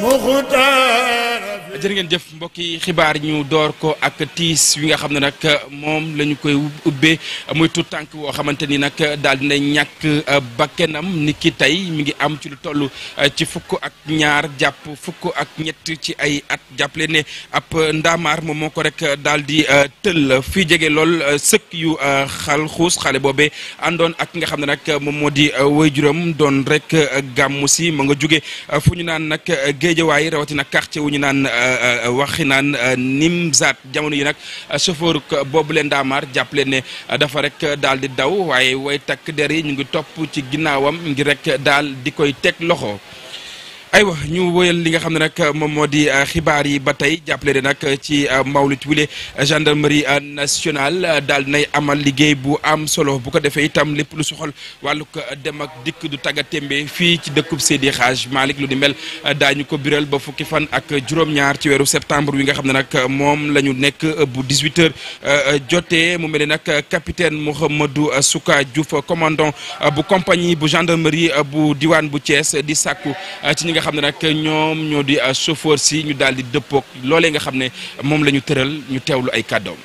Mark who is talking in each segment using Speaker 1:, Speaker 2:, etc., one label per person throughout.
Speaker 1: muxtaar jërë ngeen jëf mbokki xibaar ñu door ko ak tiis wi nga xam ne nag moom la koy ubbee muy tànk woo xamante ni nag daal dina ñàkk euh, bakkenam ni ki tey mi ngi am ci lu toll euh, ci fukk ak ñaar jàpp fukk ak ñett ci ay at jàppale ne ab ndaamaar moom moo ko rek daal di euh, tëll fi jege lool sëkk yu xal xuus xale boobe àndoon ak nga xam ne nag moom moo di waajuram doon rek gàmmu si ma nga jóge fu ñu naan nag géejawaay rawatina quartier wu ñu naan Euh, euh, waxi naan euh, Nimzaat jamono yi nag chauffeur boobu leen daamaar jàpp leen ne dafa rek daal di daw waaye way takk der yi ñu ngi topp ci ginnaawam ngi rek daal di koy teg loxo. aywa ñu woyal li nga xam ne nag moom moo di euh, xibaar yi ba tey jàppale ne nag ci euh, mawlit wile euh, gendarmerie nationale daal nay amal liggéey bu am solo bu ko defee itam lépp lu soxal wàllug dem ak dikk du tagga tembe fii ci dëkkub Seydi Hadj Malick lu di mel daañu ko biral ba fukki fan ak juróom-ñaar ci weeru septembre wi nga xam ne nag moom la ñu nekk bu 18 heures jotee mu mel ne nag capitaine Mouhamadou Souka Diouf commandant bu compagnie bu gendarmerie bu diwaan bu Thiès di sàkku nga xam ne nag ñoom ñoo di euh, chauffeur si ñu daal di dëppoog loolee nga xam ne moom la ñu tëral ñu teewlu ay kàddoom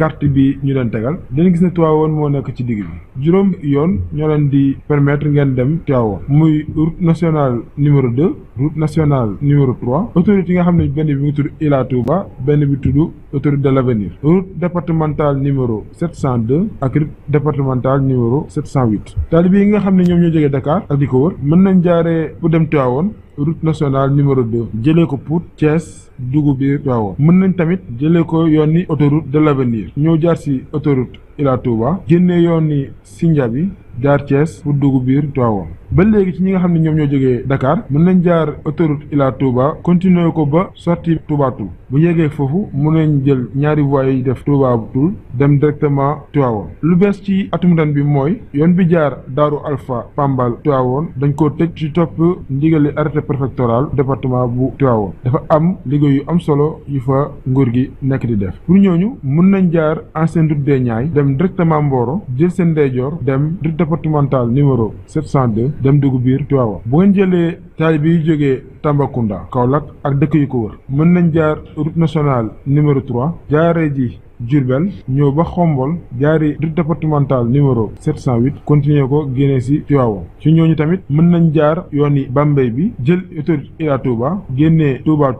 Speaker 2: carte bi ñu leen tegal dañu gis ne Tivaouane moo nekk ci digg bi juróom yoon ñoo leen di permetre ngeen dem Tivaouane muy route nationale numéro deux route nationale numéro trois yi nga xam ne benn bi ngi tudd Ila ba benn bi tudd autoroute de l'avenir route départementale numéro sept cent deux ak route départementale numéro sept cent taalibe yi nga xam ne ñoom ñoo jógee Dakar ak di ko wër mën nañ jaaree bu dem Tivaouane route nationale numéro 2 jëlee ko Pout Thiès dugub biir Tivaouane mën nañ tamit jëlee ko yoon ni autoroute de l' avenir ñëw jaar si autoroute ila Touba génnee yooni Sindia bi jaar Thiès pour dugg biir Tivaouane ba léegi ci ñi nga xam ne ñoom ñoo jógee Dakar mën nañ jaar autoroute ila Touba continuer ko ba sortie Touba bu yeggee foofu mën nañ jël ñaari voies def Touba Toul dem directement Tivaouane lu bees ci atum ren bi mooy yoon bi jaar Daaru Alpha Pambal Tivaouane dañ ko tëj ci topp ndigali arrêté préfectoral département bu Tivaouane dafa am liggéey yu am solo yu fa nguur gi nekk di def pour ñooñu mën nañ jaar ancienne route des Niayes dem dem directement Mboro jël seen ndeyjoor dem route départementale numéro 702 dem dugg biir Tivaouane bu ngeen jëlee taalibe yi jógee Tambacounda Kaolack ak dëkk yu ko wër mën nañ jaar route nationale numéro 3 jaaree ji Diourbel ñëw ba Xombol jaari route départementale numéro 708 continuer ko génne si Tivaouane ci ñooñu tamit mën nañ jaar yoon yi Bambey bi jël autoroute Ila Touba génnee Touba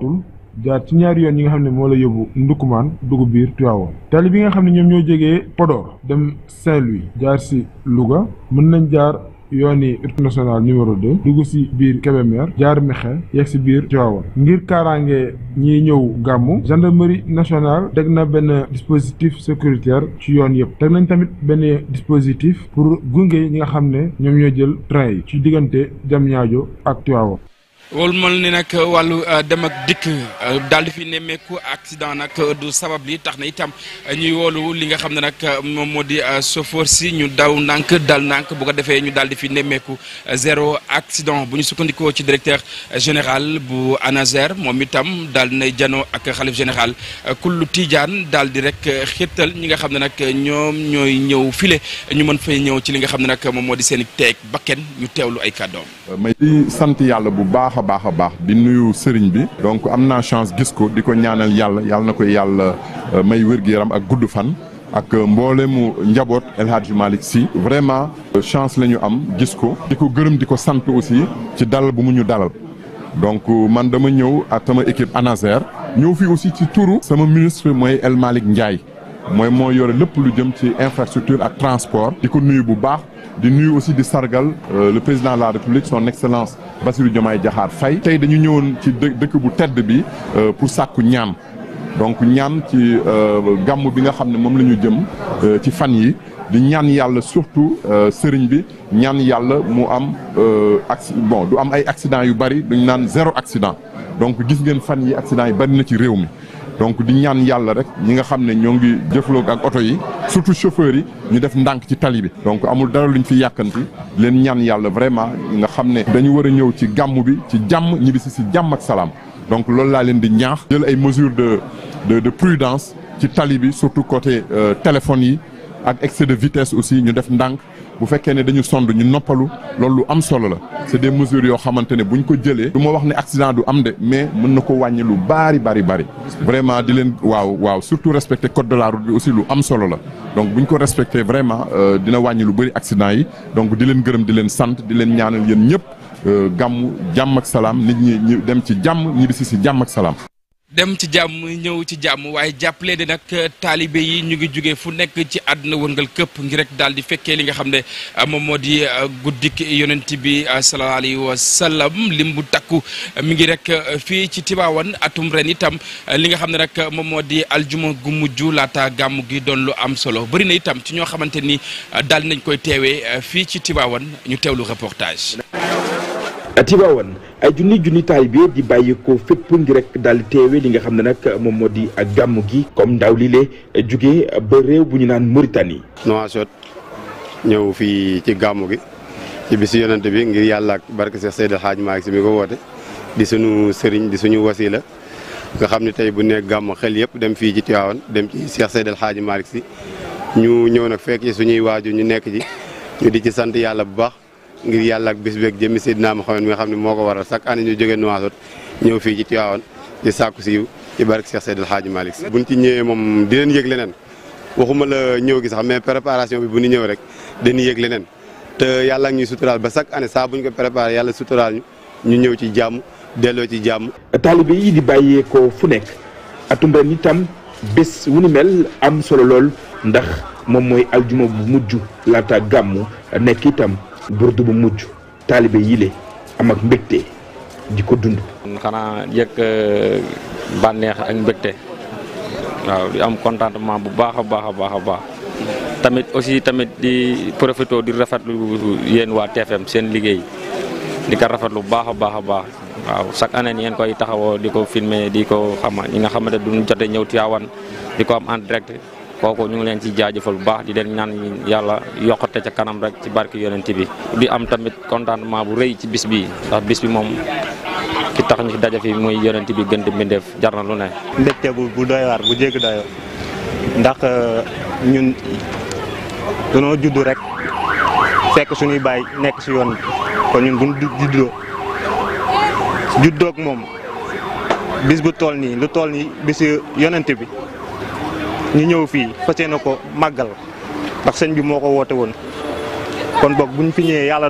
Speaker 2: jaar ci ñaari yoon yi nga xam ne moo la yóbbu Ndoukoumane dugub biir Tivaouane tali bi nga xam ne ñoom ñoo jógee Podor dem Saint-Louis jaar si Louga mën nañ jaar yoon yi route nationale numéro 2 dugg si biir Kébémer jaar Mexe yegg si biir Tivaouane ngir kaaraange ñi ñëw gàmmu gendarmerie nationale deg na benn dispositif sécuritaire ci yoon yëpp teg nañ tamit benn dispositif pour gunge ñi nga xam ne ñoom ñoo jël train yi ci diggante Diamniadio ak Tivaouane
Speaker 1: wol mal ni nag wàllu euh, dem ak dikk euh, dal di fi nemmeeku accident nag euh, du sabab li tax na itam ñuy woolu li nga xam ne nag moom moo di sofoor si ñu daw ndànk dal ndànk bu ko defee ñu daal di fi nemmeeku zéro accident bu ñu sukkandikoo ci directeur général bu ANASER moom itam daal nay janoo ak xalif général kullu Tidiane daal di rek xirtal ñi nga xam ne nag ñoom ñooy ñëw file ñu mën fay ñëw ci li nga xam ne nag moom moo di seen teeg bakken ñu teewlu ay kàddoom
Speaker 3: may di sant yàlla bu baax a baax a baax di nuyu sëriñ bi donc am naa chance gis ko di ko ñaanal yàlla yàlla na koy yàlla euh, may wér-gu-yaram ak gudd fan ak euh, mboolemu njaboot El Hadj Malick Sy vraiment euh, chance la ñu am gis ko di ko gërëm di ko sant aussi ci dalal bu mu ñu dalal donc man dama ñëw ak sama équipe ANASER ñëw fi aussi ci turu sama ministre mooy El Malick Ndiaye mooy moo yore lépp lu jëm ci infrastructure ak transport di ko nuyu bu baax di nuyu aussi di sargal euh, le président de la république son excellence Bassirou Diomaye jaxaar fay tey dañu ñëwoon ci dëkk bu tedd bi euh, pour sàkku ñaan donc ñaan ci euh, gàmm bi nga xam ne moom la ñu jëm ci fan yi di ñaan yàlla surtout sëriñ bi ñaan yàlla mu am acci bon du am ay accident yu bari duñ naan zéro accident donc gis ngeen fan yi accident yi bari na ci réew mi donc di ñaan yàlla rek ñi nga xam ne ñoo ngi jëfloog ak oto yi surtout chauffeurs yi ñu def ndànk ci tali bi donc amul dara luñ fi yàkkanti leen ñaan yàlla vraiment nga xam ne dañu war a ñëw ci gàmm bi ci jàmm ñibbisi si jàmm ak salaam donc loolu laa leen di ñaax jël ay mesures de de de prudence ci tali bi surtout côté euh, téléphone yi ak excès de vitesse aussi ñu def ndànk bu fekkee ne dañu sond ñu noppalu loolu lu am solo la c'est des mesures yoo xamante ne buñ ko jëlee du ma wax ne accident du am de mais mën na ko wàññi lu bari bari bari vraiment di leen waaw waaw surtout respecter code de la route bi aussi lu am solo la donc buñ ko respecter vraiment euh, dina wàññi lu bari accident yi donc di leen gërëm di leen sant di leen ñaanal yéen ñëpp euh, gàmmu jàmm ak salaam nit ñi ñu dem ci jàmm ñibbisi si jàmm ak salaam
Speaker 1: dem ci jàmm ñëw ci jàmm waaye jàppale de nag euh, taalibe yi ñu ngi jóge fu nekk ci àdduna wërngal këpp ngi rek daal di fekkee li nga xam ne euh, moom moo di euh, guddik yonent bi sallallahu alayhi wa sallam lim bu takku mi ngi rek fii ci Tiwaawan atum itam li nga xam ne rek moom moo di aljuma gu mujj laata gàmm gi doon lu am solo bëri na itam ci ñoo xamante ni daal nañ koy teewee fii ci Tiwaawan ñu teewlu reportage. Tiwaawan. ay junni junni taalibe di bàyyi ko fépp ngi rek daal di li nga xam ne nag moom moo di ak gàmm gi comme ndaw li le jóge ba réew bu ñu naan Mauritanie.
Speaker 4: Nouakchott ñëw fii ci gàmm gi ci bisu yonent bi ngir yàlla ak barke Seex Seydi El Hadj Malick mi ko woote di suñu sëriñ di suñu wasila nga xam ne tey bu nekk gàmm xel yëpp dem fii ci Tiwaawan dem ci Seex Seydi El Hadj Malick ñu ñëw nag fekk ci suñuy waajur ñu nekk ci ñu di ci sant yàlla bu baax. ngir yàlla ak bis beeg jëmmi Seydina Muhammad mi nga xam ne moo ko waral chaque année ñu jógee Nouakchott ñëw fii ci Tivaouane di sàkku siiw ci barke Cheikh Seydil Hadji Malick buñ ci ñëwee moom di leen yëg leneen waxuma ñëw gi sax mais préparation bi bu ñu ñëw rek dañuy yëg leneen te yàlla ak ñuy suturaal ba chaque année saa bu ko préparé yàlla suturaal ñu ñëw ci jàmm delloo ci jàmm. taalibe yi di bàyyeekoo fu nekk atum ren itam
Speaker 1: bés wu ni mel am solo lool ndax moom mooy aljuma bu mujj laata gàmmu nekk itam. burdu bu mujj taalibe yile am ak mbégte di ko
Speaker 4: dund.
Speaker 5: xanaa yëg euh, bànneex ak mbégte
Speaker 1: waaw di am contentement bu baax a baax a baax a baax tamit aussi tamit di profité di rafetlu yéen waa TFM seen liggéey di ko rafetlu bu baax a baax a baax waaw chaque année ngeen koy taxawoo di ko filmer di ko xama ñi nga xamante duñu jote ñëw Tiwaawan di ko am en direct. kooku ñu ngi leen ci jaajëfal bu baax di leen ñaan yàlla yokkate ca kanam rek ci barke yonent bi di am tamit contentement bu rëy ci bis bi ndax bis bi moom ki tax ñu daje fi muy yonent bi gën di mbindeef jar na lu ne.
Speaker 4: bu bu doy bu jéggi doyoo ndax euh, ñun danoo judd rek fekk suñuy baay nekk si yoon kon ñun buñ juddoo juddoog moom bis bu tool nii lu tool nii bisu yonent bi. ñu ñëw fii fas yéene ko màggal ndax sëñ bi moo ko woote woon kon boog buñ fi ñëwee yàlla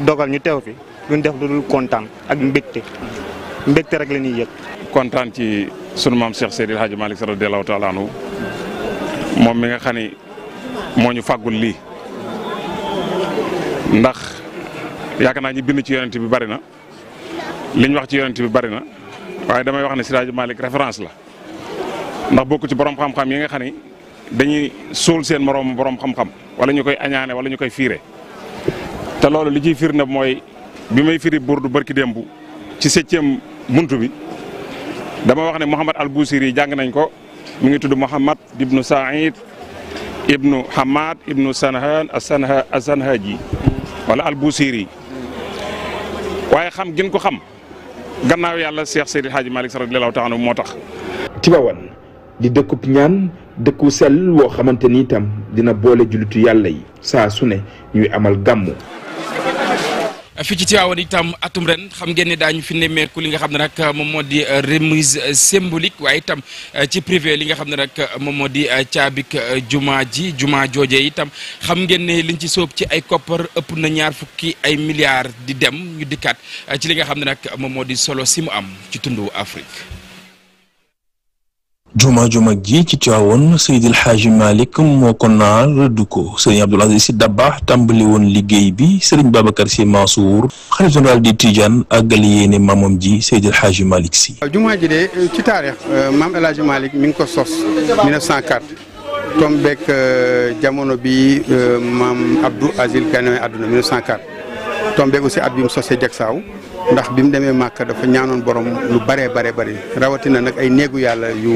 Speaker 4: dogal ñu teew fi duñ def lu dul kontaan ak mbégte mbégte rek la ñuy yëg.
Speaker 5: kontaan ci sunu maam Cheikh Seydil Hadji Malick radiyallahu taala anhu moom mi nga xam moo ñu fàggul lii ndax yaakaar naa ñi bind ci yonent bi bari na liñ wax ci yonent bi bari na waaye damay wax ne Seydi Hadji Malick référence la. ndax bokk ci borom xam-xam yi nga xam ni dañuy suul seen moroom boroom xam-xam wala ñu koy añaane wala ñu koy fiire te loolu li ciy firnde mooy bi may firi burdu barki démb ci septième buntu bi dama wax ne Mouhamad al Busiri jàng nañ ko mu ngi tudd Mouhamad ibnu Saïd ibnu Hamad ibnu Sanhaan as-Sanha as-Sanhaji wala al waaye xam gin ko xam gannaaw yàlla Cheikh Seydi Hadji Malick radiyallahu ta'ala moo tax Tivaouane di
Speaker 1: dëkkub ñaan dëkku sell woo xamante ni itam dina boole jullitu yàlla yi saa sune ne ñuy amal gàmmu. fi ci ci Tivaouane itam atum ren xam ngeen ne daañu fi nemmeeku li nga xam ne nag moom moo di euh, remise euh, symbolique waaye itam euh, ci privé li nga xam ne nag moom moo di caabik juma ji jumaa jooje itam xam ngeen ne liñ ci sóob ci ay koppar ëpp na ñaar fukki ay milliards di dem ñu dikkaat ci li nga xam ne nag moom di solo si mu am ci tundu Afrique.
Speaker 6: juma ju ji ci Tiwaawoon Seydil Xaaji Malick moo ko naal rëdd ko sëriñ Abdoul Aziz Sy Dabakh tàmbali woon liggéey bi sëriñ Babacar Sy Mansour xalifa général di Tijaan àggal yéene maamam ji Seydil Xaaji Malick Sy.
Speaker 4: juma ji de euh, ci taarix euh, maam El Hadj Malick mi ngi ko sos 1904 tombeek euh, jamono bi maam Abdou Aziz Gane àdduna 1904 tombeek aussi at bi mu sosee Jaksaaw ndax bi mu demee màkk dafa ñaanoon borom lu baree bare bëri rawatina nag ay néegu yàlla yu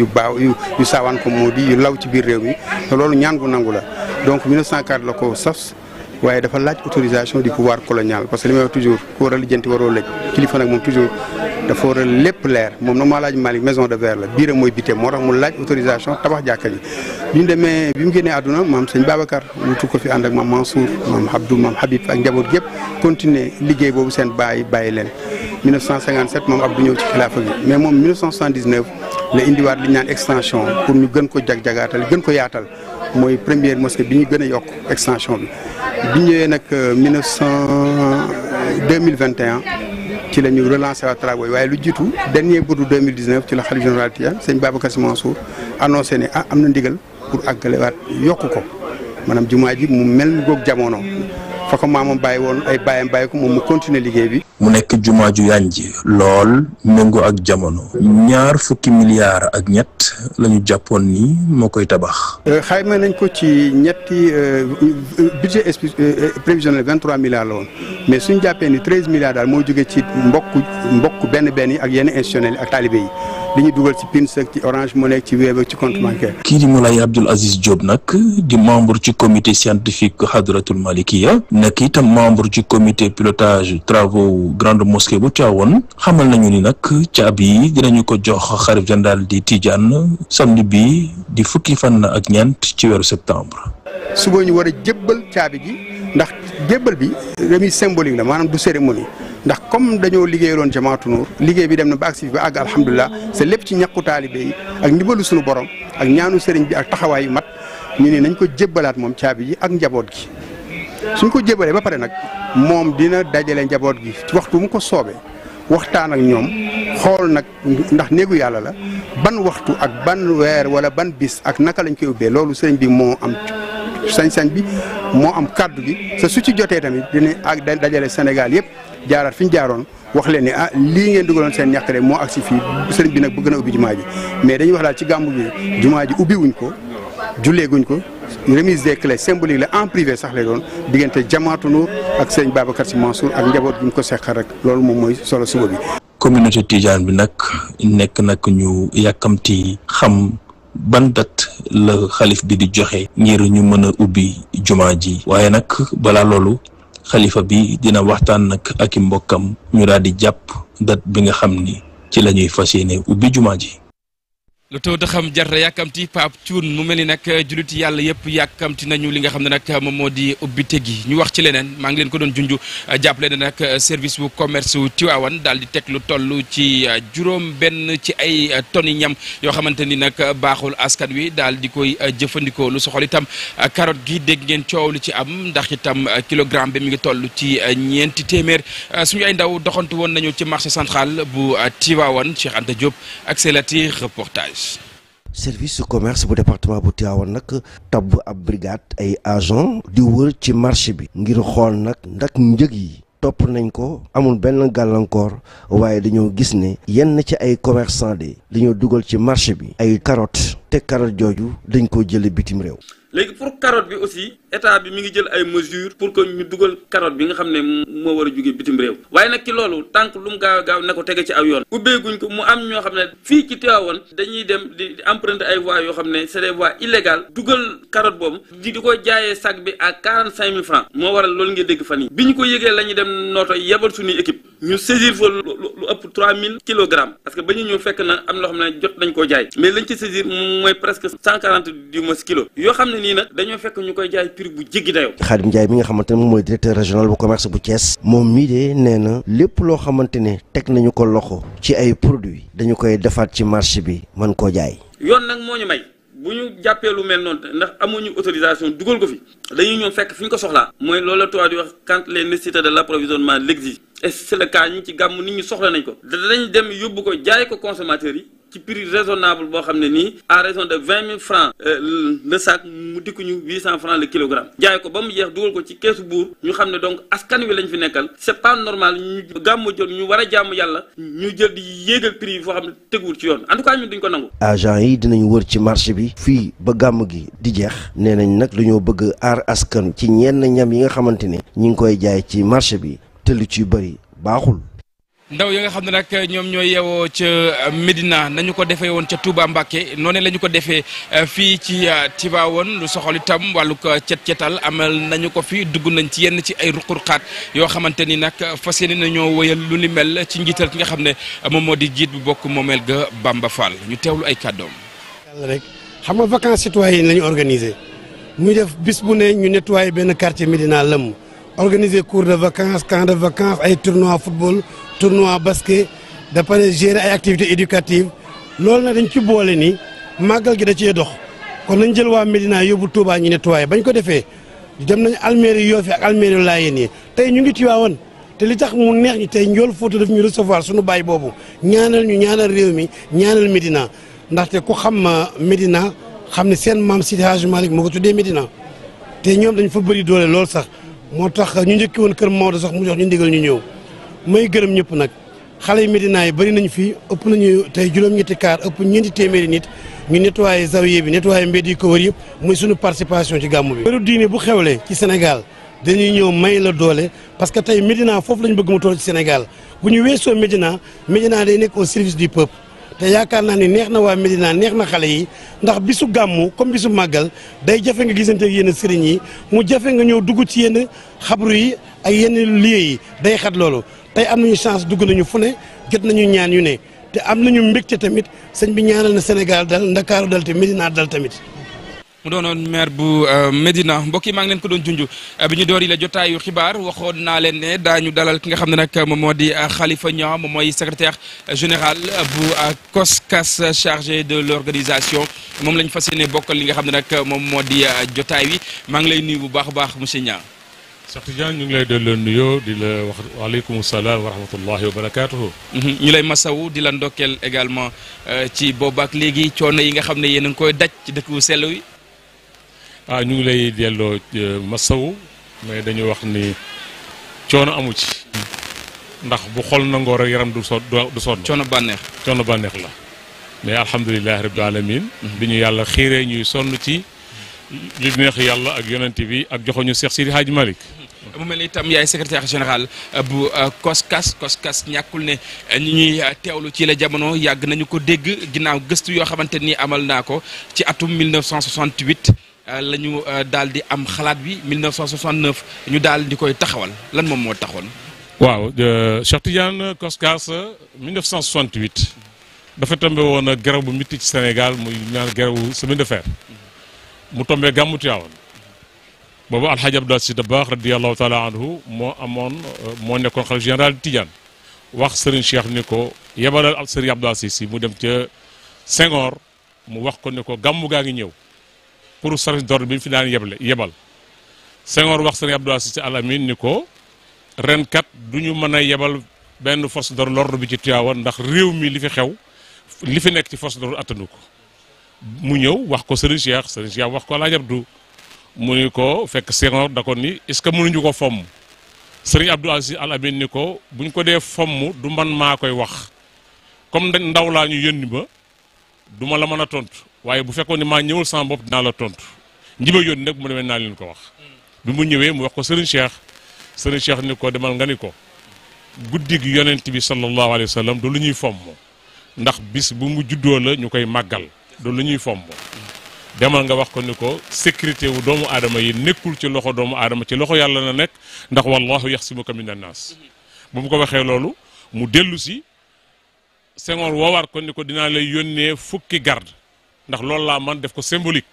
Speaker 4: yu baaw yu yu saawaan ko moo di yu law ci biir réew mi te loolu ñaan gu nangu la donc 1904 la ko sos waaye dafa laaj autorisation du pouvoir colonial parce que li may toujours ku war a lijjanti waroo lëj kilifa nag moom toujours dafa war a lépp leer moom nag maa laaj Malick maison de verre la biiram mooy biteem moo tax mu laaj autorisation tabax jàkka ji bi ñu demee bi mu génnee àdduna maam sëñ Babacar wutu ko fi ànd ak maam Mansour maam Abdou maam Habib ak njaboot gépp continuer liggéey boobu seen bàyyi bàyyi leen 1957 moom Abdou ñëw ci xilaafa gi mais moom 1979 la indiwaat li ñaan extension pour ñu gën ko jag-jagaatal gën ko yaatal mooy première mosquée bi ñu gën a yokk extension bi bi ñëwee nag 1900 euh, 2021 ci la ñu relancé waa travaux yi waaye lu jiitu dernier buddu 2019 ci la xalif général Tijaan sëñ Babacar Sy Mansour annoncé ne ah am na ndigal pour àggale waat yokk ko maanaam jumaa ji mu mel goog jamono. fa ko maamam bàyyi woon ay bàyyam bàyyi ko moom mu continuer liggéey bi.
Speaker 6: mu nekk jumaa ju yànji lool méngoo ak jamono ñaar fukki milliards ak ñett la ñu jàppoon nii moo koy tabax.
Speaker 4: Euh, xayma nañ ko ci ñetti euh, budget euh, prévisionnel vingt trois milliards la woon mais suñ jàppee ni treize milliards daal moo jógee ci mbokk mbokk benn benn yi ak yenn institutionnels yi ak taalibe yi. li ñu dugal ci Pins ak ci Orange Money ci Wave ak ci compte bancaire.
Speaker 6: kii di Moulay Abdoul Aziz Diop nag di membre ci comité scientifique Hadratul Malikiya nekk itam membre ci comité pilotage travaux grande mosquée bu woon xamal nañu ni nag caab yi dinañu ko jox xarif général di Tidiane samedi bi di fukki fan ak ñeent ci weeru septembre.
Speaker 4: suba ñu war a jébbal caabi ji ndax jébbal bi remise symbolique la maanaam du cérémonie. ndax comme dañoo liggéeyaloon Jamaatu Nuur liggéey bi dem na ba ak ba àgg alhamdulilah c'est lépp ci ñàkku taalibe yi ak ndimbalu suñu borom ak ñaanu sëriñ bi ak taxawaay yu mat ñu ne nañ ko jébbalaat moom caabi ji ak njaboot gi suñ ko jébbalee ba pare nag moom dina dajalee njaboot gi ci waxtu mu ko soobee waxtaan ak ñoom xool nag ndax néegu yàlla la ban waxtu ak ban weer wala ban bis ak naka lañ koy ubbee loolu sëriñ bi moo am sañ-sañ bi moo am kàddu gi sa su ci jotee tamit dina ak dajale Sénégal yëpp jaaraat fi ñu jaaroon wax leen ne ah lii ngeen dugaloon seen ñàkk rek moo agsi fi sëriñ bi nag bëgg na ubbi jumaa ji mais dañuy wax laal ci gàmmu gi jumaa ji ubbi wuñ ko jullee guñ ko remise des clés symbolique la en privé sax lay doon diggante Jamaatu Nuur ak sëñ Babacar Sy Mansour ak njaboot gi ñu ko seqal rek loolu moom mooy solo suba
Speaker 6: bi. communauté Tidiane bi nag nekk nag ñu yàkkamti xam ban date la xalif bi di joxe ngir ñu mën a ubbi jumaa ji waaye nag balaa loolu xalifa bi dina waxtaan nag aki mbokkam ñu daal di jàpp dat bi nga xam ni ci lañuy ñuy fas yéene ubbi jumaa ji.
Speaker 1: lu taw da xam jarta yàkkamti Pape Thioune mu mel ni nag euh, jullit yàlla yëpp yàkkamti nañu li nga xam ne nag euh, moom moo di ubbite gi ñu wax ci leneen maa ngi leen ko doon junju euh, jàppale ne nag service bu commerce wu Tiwaawan daal di teg lu toll ci juróom benn ci ay toni ñam yoo xamante ni nag baaxul askan wi daal di koy jëfandikoo lu soxol itam carotte gi dégg ngeen coow lu ci am ndax itam kilogramme bi mi ngi toll ci ñeenti téeméer suñu ay ndaw doxantu woon nañu ci marché central bu Tiwaawan Cheikh Anta Diop ak c'est le service
Speaker 7: service commerce bu département bu Tivaouane nag tabb ab brigade ay agent di wër ci marché bi ngir xool nag ndax njëg yi topp nañ ko amul benn gàllankoor waaye dañoo gis ne yenn ci ay commerçant de dañoo dugal ci marché bi ay carottes te carotte jooju dañ
Speaker 8: bi aussi état bi mi ngi jël ay mesures pour que dugal carotte bi nga xam ne moo war a jóge bitim réew lu mu gaaw ko tege yoon ko mu ñoo xam ne fii ci Tivaouane dañuy dem di emprunter yoo xam ne c'est des voies illégales dugal carotte boobu di ko jaayee sac bi à quarante francs moo waral loolu nga dégg fan yi bi ñu ko yëgee la ñuy dem nooto yebal suñuy équipe ñu saisir fa lu ëpp trois kilogrammes parce que ba ñu ñëw fekk na am loo xam ne jot nañ koo jaay mais lañ ci saisir mooy presque cent quarante du mos kilo yoo xam ne nii nag dañoo fekk ñu koy jaay prix bu jéggi dayoo
Speaker 7: Khadim Ndiaye mi nga xamante ne moom mooy directeur régional bu commerce bu Thiès moom mii de nee na lépp loo xamante ne teg nañu ko loxo ci ay produit dañu koy defaat ci marché bi mën koo jaay
Speaker 8: yoon nag moo ñu may bu ñu jàppee lu mel noonu ndax amuñu autorisation dugal ko fi dañuy ñëw fekk fi ñu ko soxlaa mooy loolu la tubaab di wax quand les nécessités de l'approvisionnement l'exigent et c'est le cas ñu dem yóbbu ko jaay ko consommateurs yi ci prix raisonnable boo xam ne nii à raison de vingt mille francs euh, le sac mu dikku ñu huit cent francs le kilogramme jaay ko ba mu jeex dugal ko ci keesu buur ñu xam ne donc askan wi lañ fi nekkal c'est pas normal ñu gàmmu jël ñu war a jàmm yàlla ñu jël di yéegal prix yi foo xam ne teguwul ci yoon en tout duñ ko nangu.
Speaker 7: agent yi dinañ wër ci marché bi fii ba gàmm gi di jeex nee nañu nag lu dañoo bëgg aar askan ci ñenn ñam yi nga xamante ne ñu ngi koy jaay ci marché bi te lu ci bëri baaxul.
Speaker 1: ndaw yi nga xam ne nag ñoom ñoo yeewoo ca euh, Medina nañu ko defee woon ca Touba Mbacké noonu la ñu ko defee euh, fii ci euh, Tivaouane lu soxal itam wàllug cet-cetal ameel nañu ko fii dugg nañ ci yenn ci ay ruqurxaat yoo xamante ni nag fas yéene nañoo wëyal lu ni mel ci njiital ki nga xam ne moom moo di jiit bu bokk moomeel ga Bamba Fall ñu teewlu ay kàddoom.
Speaker 9: yàlla rek xam nga vacances citoyennes lañu organisé ñu def bis bu nee ñu nettuwaay benn quartier Medina lëmm organiser cours de vacance camp de vacances ay tournoi football tournoi basket da pare gérer ay activités éducatives loolu nag dañ ci boole nii màggal gi da cee dox kon nañ jël waa Médina yóbbu Touba ñu nettoyé bañ ko defee dem nañ alméeri Yoff ak alméeri Laayeen yi tey ñu ngi Tiwaawan te li tax mu neex ñi tey Ndiol Fouta daf ñu recevoir suñu baay boobu ñaanal ñu ñaanal réew mi ñaanal Médina ndaxte ku xam ma euh, Médina xam ne seen maam Sidi Hadj Malick moo ko tuddee Médina te ñoom dañ fa bëri doole lool sax moo tax ñu njëkki woon kër Maodo sox mu jox ñu ndigal ñu ñëw may gërëm ñëpp nag xale yi Medina yi bëri nañu fii ëpp nañu tey juróom-ñetti kaar ëpp ñeenti téeméeri nit ñu nettoyé zawiye bi nettoyé mbedd yi ko wër yëpp muy suñu participation ci gàmmu bi. këru diine bu xewlee ci Sénégal dañuy ñëw may la doole parce que tey Medina foofu lañ bëgg mu toll ci Sénégal bu ñu weesoo Medina Medina day nekk au service du peuple. te yaakaar naa ni neex na waa Médina neex na xale yi ndax bisu gàmmu comme bisu màggal day jafe nga gisante ak yenn sëriñ yi mu jafe nga ñëw dugg ci yenn xabru yi ay yenn lieu yi day xat loolu tey am nañu chance dugg nañu fu ne jot nañu ñaan yu ne te am nañu mbégte tamit sëñ bi ñaanal na Sénégal dal Ndakaaru dal te Médina dal tamit
Speaker 1: mu doonoon maire bu euh, Médina mbokk yi maa ngi leen ko doon junj euh, bi ñu door yi la jotaayu xibaar waxoon naa leen ne daañu dalal ki nga xam ne nag moom moo di euh, Khalifa Niang moom mooy secrétaire général bu COSCAS chargé de l'organisation moom lañu ñu fas yéene bokkal li nga xam ne nag moom moo di jotaay wi maa ngi lay nuyu bu baax a baax monsieur Niang.
Speaker 5: Cheikh Tidiane ñu ngi lay delloo nuyoo di la wax waaleykum salaam wa rahmatullahi wa barakaatuhu.
Speaker 1: Mhm, ñu lay masawu di la ndokkeel également ci boobaak léegi coono yi nga xam ne yéen a ngi koy daj ci dëkk bu sell wi.
Speaker 5: ah ñu ngi lay delloo euh, masawu mais dañu wax ni coono amu ci ndax bu xol nangoo rek yaram du so du sonn. coono bànneex coono bànneex la mais alhamdulilah rabbil alamin mhm. bi ñu yàlla xiiree ñuy sonn ci li neex yàlla ak yonent bi ak joxoñu Cheikh Sidi Hadj Malick. mu mel itam yaay secrétaire général bu COSCAS euh, COSCAS ñàkkul ne
Speaker 1: ñi ñuy teewlu ci la jamono yàgg nañu ko dégg ginnaaw gëstu yoo xamante ni amal naa ko ci atum 1968 Euh, la ñu euh, daal di am xalaat bi 1969 ñu daal di koy taxawal lan moom moo taxoon.
Speaker 5: waaw Cheikh Tidiane Koskas 1968 dafa tombe woon a grève bu métti ci Sénégal muy ñaan grève semaine de fer mu tombee gàmmu Tiwaawan boobu Alxaaji Abdou Aziz Sy Dabakh radiyallahu taala anhu moo amoon euh, moo nekkoon xalifa général Tidiane wax Serigne Cheikh ni ko yebalal Serigne Abdou Aziz Sy mu dem ca Senghor mu wax ko ni ko gàmmu gaa ngi ñëw. pour service d'ordre bi fi daan yeble yebal Senghor wax sëriñ Abdou Aziz Sy Al Amine ni ko ren kat du ñu mën a yebal benn force de l'ordre bi ci Tivaouane ndax réew mi li fi xew li fi nekk ci force de l'ordre attanu ko mu ñëw wax ko sëriñ Cheikh sëriñ Cheikh wax ko El Hadj Abdou mu ni ko fekk Senghor da ko ni est-ce que mënuñu ko fomm sëriñ Abdou Aziz Al Amine ni ko buñ ko dee fomm du man maa koy wax comme dañ ndaw laa ñu yëndi ma du ma la mën a tontu. waaye bu fekkoon ne maa ñëwal saa bopp dinaa la tontu njiba yónni nag bu mu demee naa leen ko wax. bi mu ñëwee mu wax ko Serigne Cheikh Serigne Cheikh ni ko demal nga ni ko guddi gi yonent bi sallallahu alayhi wa sallam du lu ñuy fomm ndax bis bu mu juddoo la ñu koy màggal lu ñuy fomm. demal nga wax ko ni ko sécurité wu doomu aadama yi nekkul ci loxo doomu aadama ci loxo yàlla na nekk ndax si yaxsimuka min annaas bu mu ko waxee loolu mu dellu si Senghor woowaat ko ni ko dinaa lay yónnee fukki garde ndax loolu laa man def ko symbolique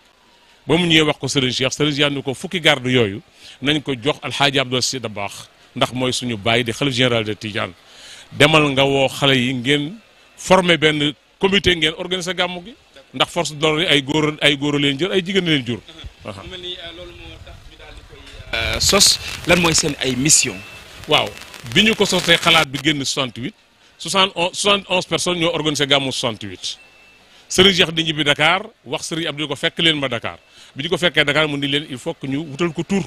Speaker 5: ba mu ñëwee wax ko Serigne Cheikh Serigne Cheikh ni ko fukki garde yooyu nañ ko jox alxaaji Abdou Sy baax ndax mooy suñu bàyyi di xalif général de Tidiane demal nga woo xale yi ngeen former benn comité ngeen organiser gàmmu gi ndax force de yi ay góor ay góor a leen jël ay jigéen a leen jur. Uh-huh.
Speaker 1: ni euh, loolu moo tax
Speaker 5: euh, sos lan mooy seen ay mission waaw bi ñu ko te xalaat bi génn 68 71 71 personnes ñoo organiser gàmmu 68. sëriñ Cheikh di ñibbi Dakar wax sëriñ Abdou ko fekk leen ma Dakar bi ñu ko fekkee Dakar mu ni leen il faut que ñu wutal ko tur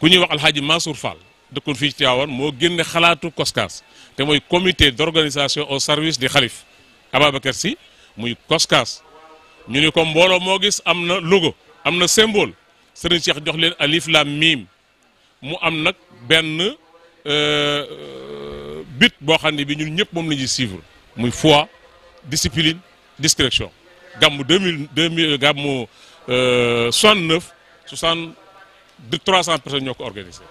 Speaker 5: ku ñuy wax alxaaji Mansour Fall dëkkoon fii ci Tivaouane moo génne xalaatu COSCAS te mooy comité d'organisation au service du xalif Ababacar Sy muy COSCAS ñu ni ko mbooloo moo gis am na logo am na symbole sëriñ Cheikh jox leen alif lam mim mu am nag benn euh, euh, bit boo xam ne bi ñu ñëpp moom la ñuy muy foi discipline discrétion gàmmu deux mille deux mille gàmmu euh, soixante neuf soixante trois cent personnes ñoo ko organisé.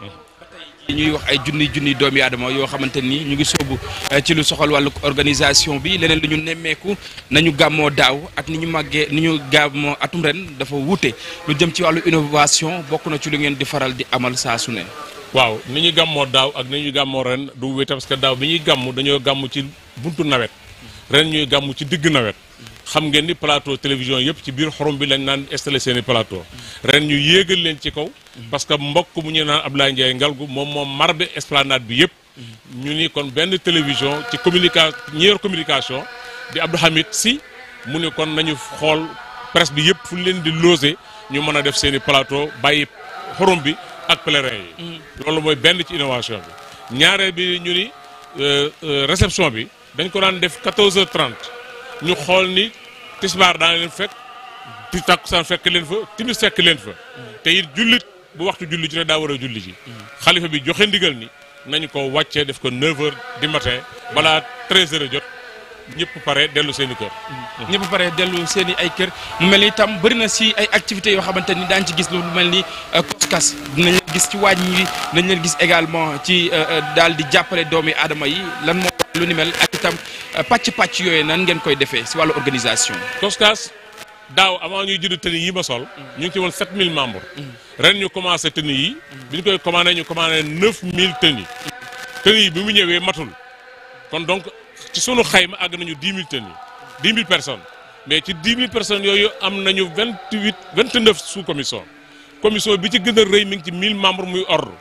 Speaker 5: Mhm. ñuy wax ay junni junni doomi aadama yoo xamante nii ñu ngi sóobu
Speaker 1: euh, ci lu soxal wàllu organisation bi leneen lu ñu nemmeeku nañu gàmmoo daaw ak ni ñu màggee ni ñu gàmmoo atum ren dafa wuute lu jëm ci wàllu innovation bokk na ci lu ngeen di faral
Speaker 5: di amal saa su ne. waaw ni ñu gàmmoo daaw ak ni ñuy gàmmoo ren du wuute parce que daaw bi ñuy gàmm dañoo gàmm ci buntu nawet. ren ñuy gàmm ci digg nawet xam ngeen ni palato télévision yëpp ci biir xorom bi lañ naan installé seeni palato ren ñu yéegal leen ci kaw parce que mbokk mu ñu naan Ablaye Ndiaye Ngalgu moom moom marbe esplanade bi yëpp ñu ni kon benn télévision ci communication ñeer communication di Abdou Hamid si mu ni kon nañu xool presse bi yëpp fu leen di losé ñu mën a def seeni plateau bàyyi xorom bi ak pèlerin yi mm. loolu mooy benn ci innovation bi ñaareel bi ñu ni euh, euh, réception bi dañ ko daan def 14h30 ñu xool ni tisbaar daan leen fekk di takkusaan fekk leen fa timis fekk leen fa te it jullit bu waxtu julli ji ne daa war a julli ji xalifa bi joxe ndigal ni nañu ko wàccee def ko 9h di matin balaa 13h jot ñëpp pare dellu seen i kër. ñëpp pare dellu seen i
Speaker 1: ay kër mu mel ni itam bëri na si ay activités yoo xamante ni daañu ci gis lu mel ni euh, koskas dinañ leen gis ci waañ yi dinañ leen gis également ci euh, euh, daal di jàppale doomi aadama yi lan moo.
Speaker 5: lu ni mel ak itam euh, pàcc-pàcc yooyu nan ngeen koy defee si wàllu organisation. Coskas daaw avant ñuy juddu tenue yi ma sol. ñu ngi ci woon 7000 membres. Mm. ren ñu commencé tenue yi. bi ñu koy commandé ñu commandé 9000 tenue. tenue yi bi mu ñëwee matul. kon donc ci sunu ma àgg nañu 10 000 tenue 10 000 personnes mais ci 10 000 personnes yooyu am nañu 28 29 sous commission. commission bi ci gën a rëy mi ngi ci 1000 membres muy ordre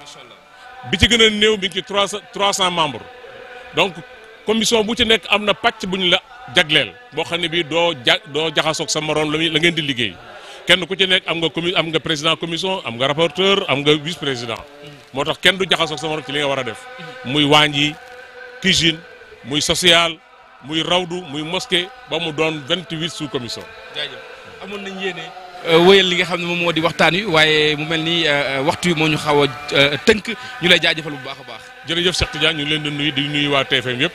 Speaker 5: bi ci gën a néew mi ngi ci trois 300 membre commission bu ci nekk am na pàcc bu ñu la jagleel boo xam ne bii doo ja doo jaxasoog sa morom la la ngeen di liggéey kenn ku ci nekk am nga commi am nga président commission am nga rapporteur am nga vice président moo tax kenn du jaxasoog sa morom ci li nga war a def muy waañ yi cuisine muy social muy rawdu muy mosquée ba mu doon vingt huit sous commission.
Speaker 1: jaajëf amoon nañ yéene euh,
Speaker 5: wéyal li nga xam ne moom moo di waxtaan wi waaye mu mel ni euh, euh, waxtu wi moo ñu xaw a tënk ñu lay jaajëfal bu baax a baax. jërëjëf Cheikh Tidiane ñu ngi leen di nuyu di nuyu waa TFM yëpp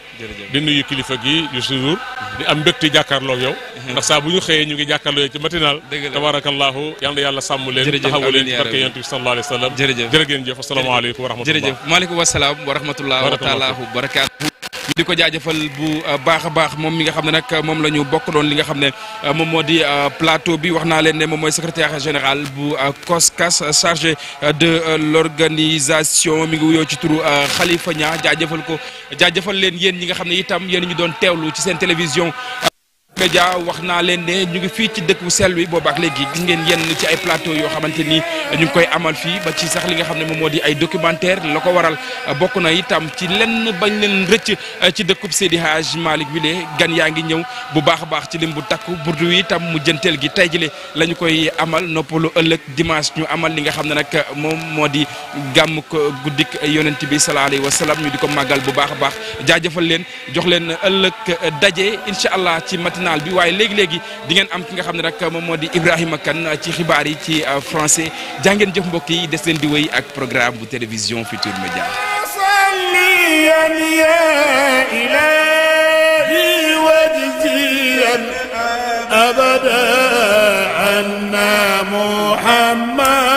Speaker 5: di nuyu kilifa gi yu toujours di am mbégte jàkkaarloo yow mhm. ndax saa bu ñu xëyee ñu ngi jàkkaarloo ci matinal tabarakallahu yal na yàlla sàmm leen taxawu leen ci barke yonent bi sallallahu alayhi wa sallam jërëjëf jërë ngeen jëf asalaamaaleykum wa rahmatullah barakaatu
Speaker 1: ñu di ko jaajëfal bu euh, baax a baax moom mi nga xam ne nag moom la ñu loon li nga xam ne euh, moom moo di euh, plateau bi wax naa leen ne moom mooy secrétaire général bu COSCAS chargé de l'organisation mi ngi wuyoo ci turu Khalifa Niang jaajëfal ko jaajëfal leen yéen ñi nga xam ne itam yéen ñu doon teewlu ci seen télévision média wax naa leen ne ñu ngi fii ci dëkk bu sell bi boobaak léegi gis ngeen yenn ci ay plateau yoo xamante ni ñu ngi koy amal fii ba ci sax li nga xam ne moom moo di ay documentaire la ko waral bokk na itam ci lenn bañ leen rëcc ci dëkkub Seydi Hadj Malick bi lee gan yaa ngi ñëw bu baax a baax ci lim bu takku burdu wi itam mu jënteel gi tey jile la ñu koy amal nopp noppalu ëllëg dimanche ñu amal li nga xam ne nag moom moo di gàmm guddik yonent bi sallallahu alayhi wa salaam ñu di ko màggal bu baax a baax jaajëfal leen jox leen ëllëg daje national bi waaye léegi-léegi di ngeen am ki nga xam ne rek moom moo di Ibrahima Kane ci xibaar yi ci euh, français jàngeen jëf mbokk yi des leen di wéy ak programme bu télévision Futurs Médias.
Speaker 2: أبدا
Speaker 7: عنا محمد